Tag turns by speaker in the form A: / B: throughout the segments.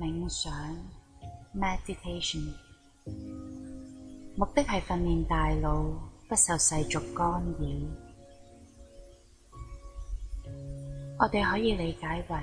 A: 冥想 （meditation） 目的係訓練大腦不受世俗干擾。我哋可以理解為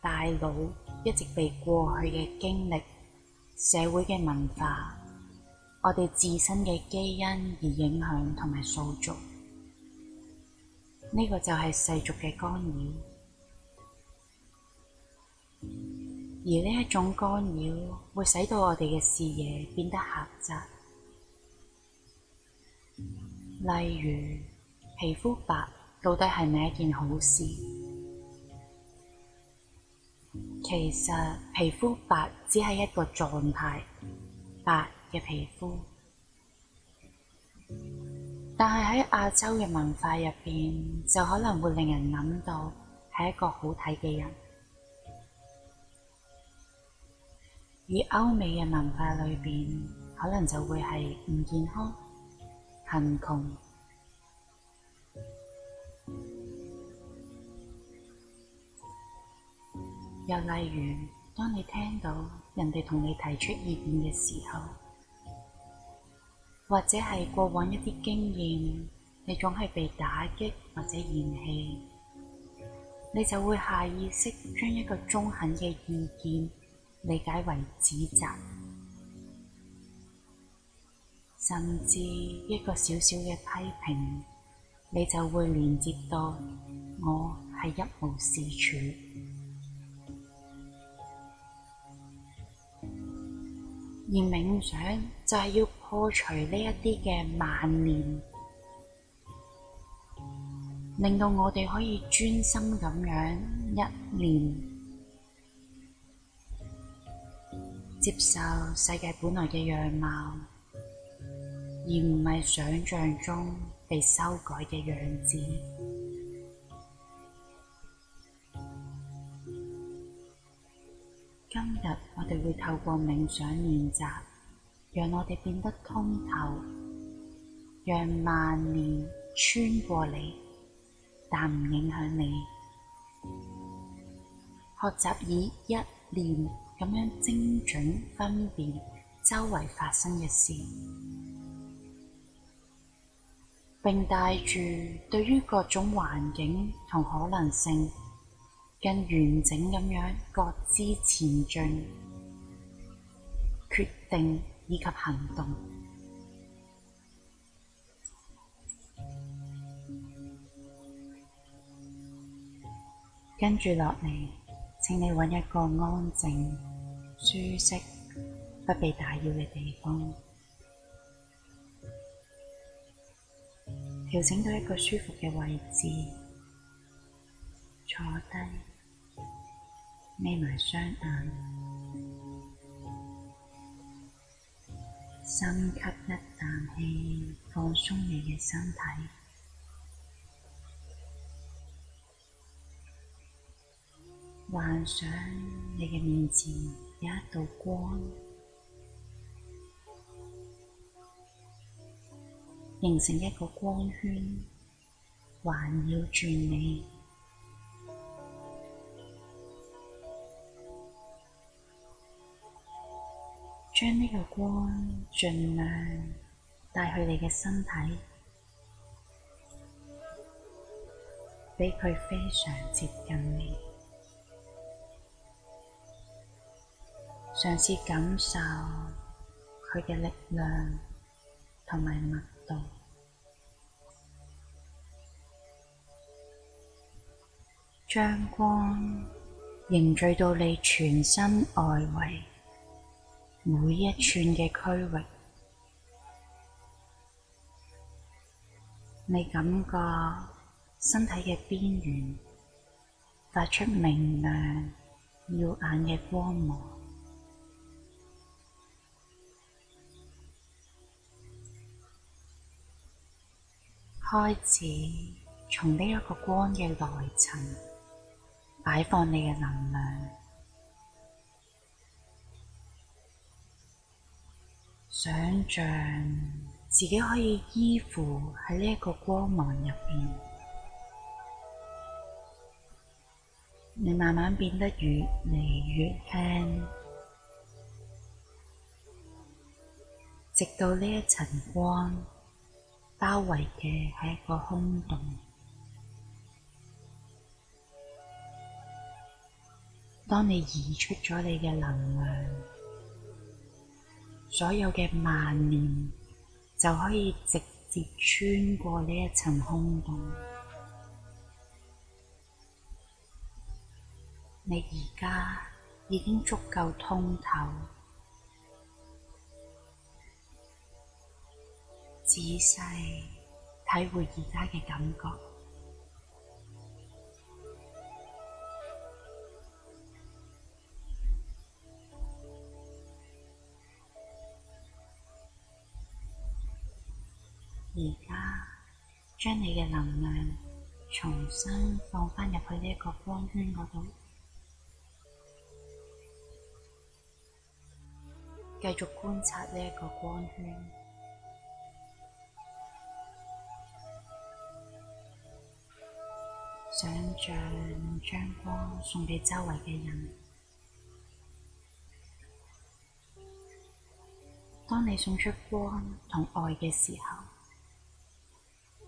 A: 大腦一直被過去嘅經歷、社會嘅文化、我哋自身嘅基因而影響同埋塑造。呢個就係世俗嘅干擾。而呢一種干擾會使到我哋嘅視野變得狹窄，例如皮膚白到底係咪一件好事？其實皮膚白只係一個狀態，白嘅皮膚，但係喺亞洲嘅文化入邊，就可能會令人諗到係一個好睇嘅人。以歐美嘅文化裏邊，可能就會係唔健康、貧窮。又例如，當你聽到人哋同你提出意見嘅時候，或者係過往一啲經驗，你總係被打擊或者嫌棄，你就會下意識將一個中肯嘅意見。理解為指責，甚至一個小小嘅批評，你就會連接到我係一無是處。而冥想就係要破除呢一啲嘅萬念，令到我哋可以專心咁樣一念。接受世界本來嘅樣貌，而唔係想象中被修改嘅樣子。今日我哋會透過冥想練習，讓我哋變得通透，讓萬念穿過你，但唔影響你。學習以一念。咁樣精準分辨周圍發生嘅事，並帶住對於各種環境同可能性更完整咁樣各知前進、決定以及行動，跟住落嚟。請你搵一個安靜、舒適、不被打擾嘅地方，調整到一個舒服嘅位置，坐低，眯埋雙眼，深吸一啖氣，放鬆你嘅身體。幻想你嘅面前有一道光，形成一個光圈，環繞住你，將呢個光盡量帶去你嘅身體，畀佢非常接近你。嘗試感受佢嘅力量同埋密度，將光凝聚到你全身外圍每一寸嘅區域。你感覺身體嘅邊緣發出明亮、耀眼嘅光芒。開始從呢一個光嘅內層擺放你嘅能量，想像自己可以依附喺呢一個光芒入邊，你慢慢變得越嚟越輕，直到呢一層光包圍嘅係一個空洞。當你移出咗你嘅能量，所有嘅萬念就可以直接穿過呢一層空洞。你而家已經足夠通透。仔細體會而家嘅感覺，而家將你嘅能量重新放返入去呢一個光圈嗰度，繼續觀察呢一個光圈。想像將光送畀周圍嘅人。當你送出光同愛嘅時候，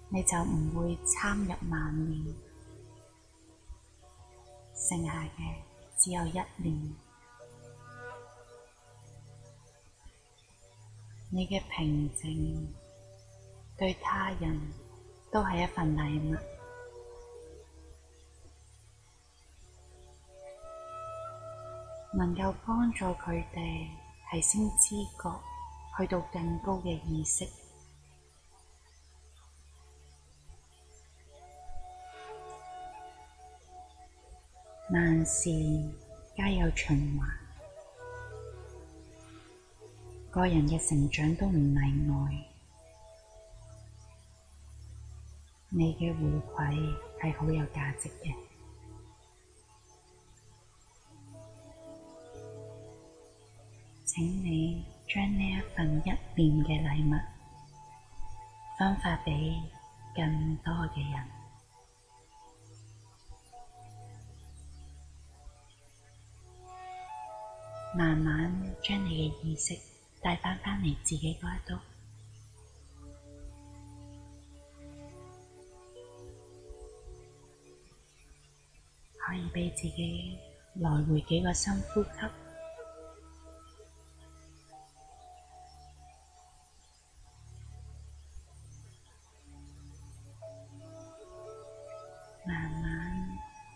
A: 你就唔會參入萬念，剩下嘅只有一念。你嘅平靜對他人都係一份禮物。能夠幫助佢哋提升知覺，去到更高嘅意識。萬事皆有循環，個人嘅成長都唔例外。你嘅回饋係好有價值嘅。請你將呢一份一面嘅禮物分發畀更多嘅人，慢慢將你嘅意識帶返返嚟自己嗰一度，可以畀自己來回幾個深呼吸。